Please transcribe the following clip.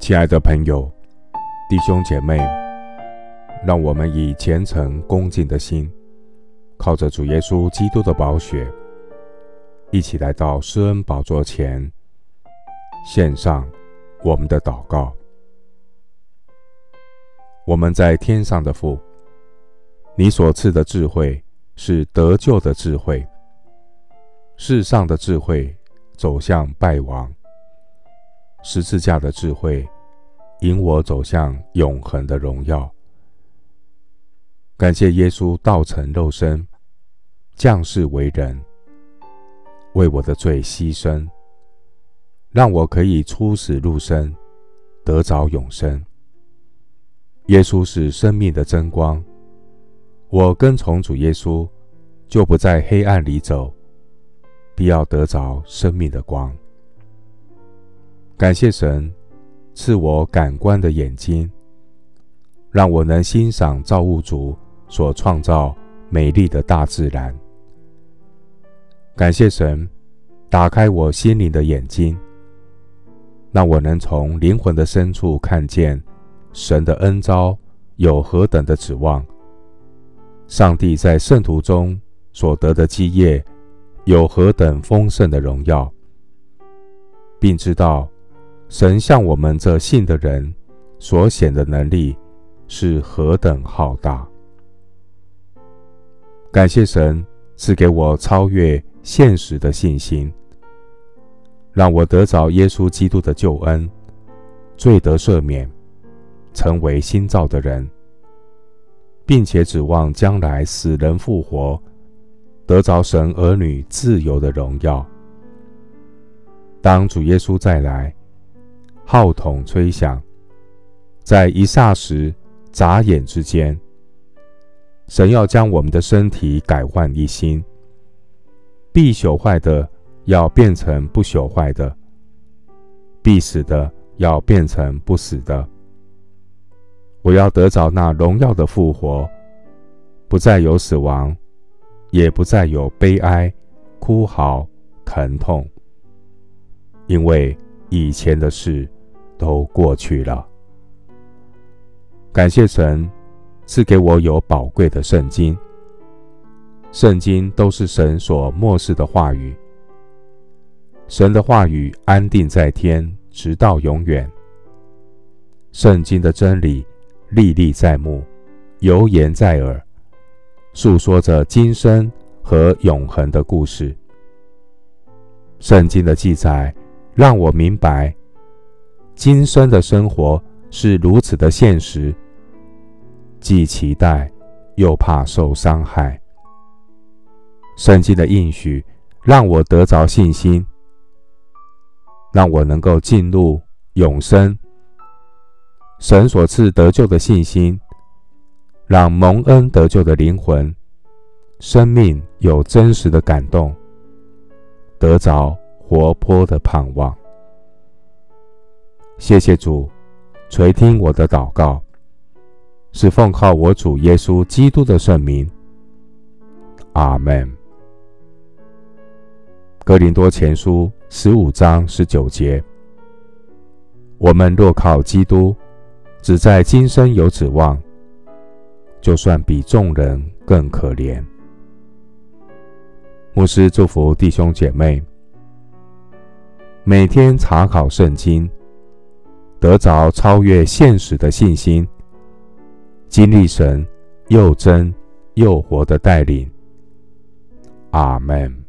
親愛的朋友、弟兄姐妹，讓我們以虔誠恭敬的心，靠着主耶穌基督的寶血，一起來到施恩寶座前，獻上我們的禱告。我們在天上的父，你所賜的智慧是得救的智慧，世上的智慧走向敗亡。十字架的智慧，引我走向永恆的榮耀。感謝耶穌道成肉身，降世為人，為我的罪犧牲，讓我可以出死入生，得着永生。耶穌是生命的真光，我跟從主耶穌，就不在黑暗裡走，必要得着生命的光。感謝神賜我感官的眼睛，讓我能欣賞造物主所創造美麗的大自然。感謝神打開我心靈的眼睛，讓我能從靈魂的深處看見神的恩召有何等的指望，上帝在聖徒中所得的基業有何等豐盛的榮耀，並知道。神向我們這信的人所顯的能力是何等浩大！感謝神賜給我超越現實的信心，讓我得着耶穌基督的救恩，罪得赦免，成為新造的人，並且指望將來死人復活，得着神兒女自由的榮耀。當主耶穌再來，號筒吹響，在一霎時、眨眼之間，神要將我們的身體改換一新，必朽壞的要變成不朽壞的，必死的要變成不死的。我要得着那榮耀的復活，不再有死亡，也不再有悲哀、哭嚎、疼痛，因為以前的事。都過去了。感謝神，賜給我有寶貴的聖經。聖經都是神所默示的話語，神的話語安定在天，直到永遠。聖經的真理歷歷在目，猶言在耳，訴說着今生和永恆的故事。聖經的記載讓我明白。今生的生活是如此的現實，既期待又怕受傷害。聖經的應許讓我得着信心，讓我能夠進入永生。神所賜得救的信心，讓蒙恩得救的靈魂，生命有真實的感動，得着活潑的盼望。謝謝主，垂聽我的禱告，是奉靠我主耶穌基督的聖名。阿門。哥林多前書十五章十九節：我們若靠基督，只在今生有指望，就算比眾人更可憐。牧師祝福弟兄姐妹，每天查考聖經。得着超越現實的信心，經歷神又真又活的帶領。阿門。